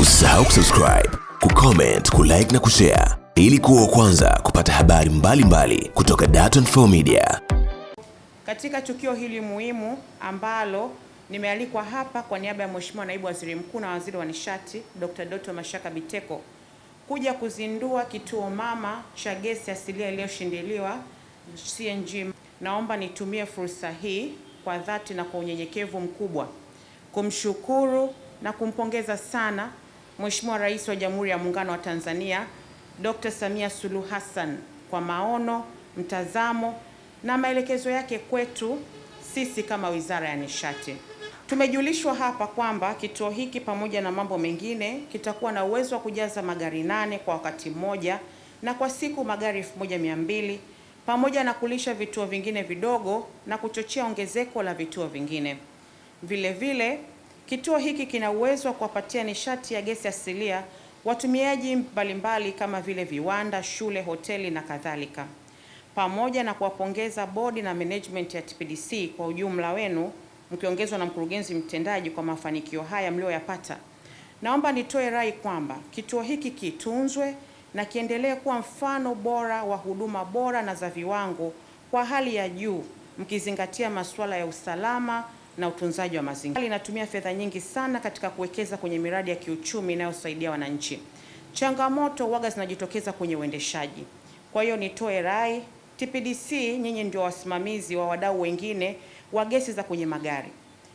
Usisahau kusubscribe, kucomment, kulike na kushare ili kuwa kwanza kupata habari mbalimbali mbali kutoka Dar24 Media. Katika tukio hili muhimu ambalo nimealikwa hapa kwa niaba ya Mheshimiwa Naibu Waziri Mkuu na Waziri wa Nishati Dr. Doto Mashaka Biteko kuja kuzindua kituo mama cha gesi asilia iliyoshindiliwa CNG, naomba nitumie fursa hii kwa dhati na kwa unyenyekevu mkubwa kumshukuru na kumpongeza sana Mheshimiwa Rais wa Jamhuri ya Muungano wa Tanzania Dr. Samia Suluhu Hassan kwa maono, mtazamo na maelekezo yake kwetu sisi kama Wizara ya Nishati. Tumejulishwa hapa kwamba kituo hiki pamoja na mambo mengine kitakuwa na uwezo wa kujaza magari nane kwa wakati mmoja na kwa siku magari mbili pamoja na kulisha vituo vingine vidogo na kuchochea ongezeko la vituo vingine. Vile vile Kituo hiki kina uwezo wa kuwapatia nishati ya gesi asilia watumiaji mbalimbali kama vile viwanda, shule, hoteli na kadhalika, pamoja na kuwapongeza bodi na management ya TPDC kwa ujumla wenu mkiongezwa na mkurugenzi mtendaji kwa mafanikio haya mlioyapata. Naomba nitoe rai kwamba kituo hiki kitunzwe na kiendelee kuwa mfano bora wa huduma bora na za viwango kwa hali ya juu, mkizingatia masuala ya usalama na utunzaji wa mazingira. Inatumia fedha nyingi sana katika kuwekeza kwenye miradi ya kiuchumi inayosaidia wananchi. Changamoto waga zinajitokeza kwenye uendeshaji. Kwa hiyo nitoe rai, TPDC nyinyi ndio wasimamizi wa wadau wengine wa gesi za kwenye magari.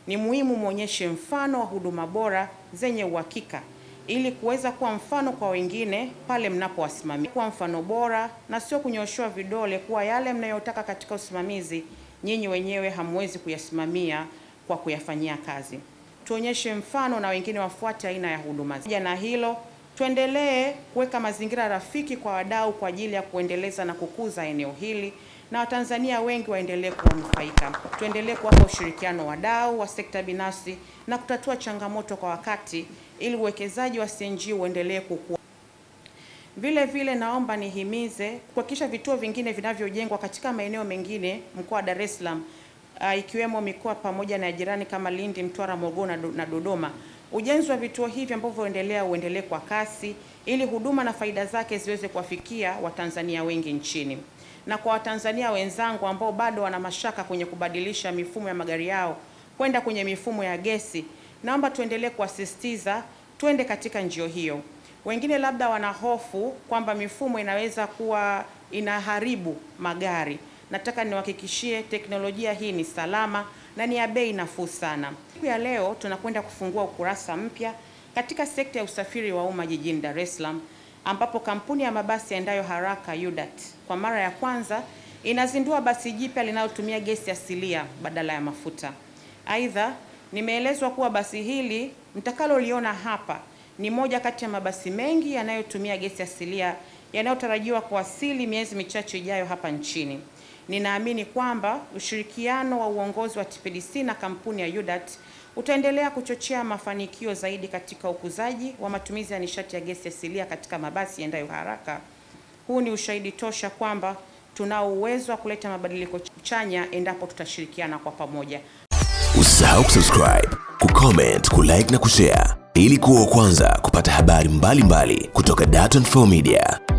Ni muhimu muonyeshe mfano wa huduma bora zenye uhakika ili kuweza kuwa mfano kwa wengine pale mnapowasimamia. Kuwa mfano bora na sio kunyoshwa vidole, kuwa yale mnayotaka katika usimamizi nyinyi wenyewe hamwezi kuyasimamia kwa kuyafanyia kazi. Tuonyeshe mfano na wengine wafuate aina ya huduma. Na hilo tuendelee kuweka mazingira rafiki kwa wadau kwa ajili ya kuendeleza na kukuza eneo hili na Watanzania wengi waendelee kunufaika. Tuendelee kuwapa ushirikiano wadau wa sekta binafsi na kutatua changamoto kwa wakati ili uwekezaji wa CNG uendelee kukua. Vile vile naomba nihimize kuhakikisha vituo vingine vinavyojengwa katika maeneo mengine mkoa wa Dar es Salaam uh, ikiwemo mikoa pamoja na jirani kama Lindi, Mtwara, Morogoro na Dodoma. Ujenzi wa vituo hivi ambavyo endelea uendelee kwa kasi ili huduma na faida zake ziweze kuwafikia Watanzania wengi nchini. Na kwa Watanzania wenzangu ambao bado wana mashaka kwenye kubadilisha mifumo ya magari yao kwenda kwenye mifumo ya gesi, naomba tuendelee kuasisitiza twende katika njio hiyo. Wengine labda wana hofu kwamba mifumo inaweza kuwa inaharibu magari nataka niwahakikishie teknolojia hii ni salama na ni ya bei nafuu sana. Siku ya leo tunakwenda kufungua ukurasa mpya katika sekta ya usafiri wa umma jijini Dar es Salaam, ambapo kampuni ya mabasi yaendayo haraka UDART kwa mara ya kwanza inazindua basi jipya linalotumia gesi asilia badala ya mafuta. Aidha, nimeelezwa kuwa basi hili mtakaloliona hapa ni moja kati ya mabasi mengi yanayotumia gesi asilia yanayotarajiwa kuwasili miezi michache ijayo hapa nchini. Ninaamini kwamba ushirikiano wa uongozi wa TPDC na kampuni ya Yudat utaendelea kuchochea mafanikio zaidi katika ukuzaji wa matumizi ya nishati ya gesi asilia katika mabasi yaendayo haraka. Huu ni ushahidi tosha kwamba tunao uwezo wa kuleta mabadiliko chanya endapo tutashirikiana kwa pamoja. Usisahau kusubscribe, kucomment, kulike na kushare ili kuwa wa kwanza kupata habari mbalimbali mbali kutoka Dar24 Media.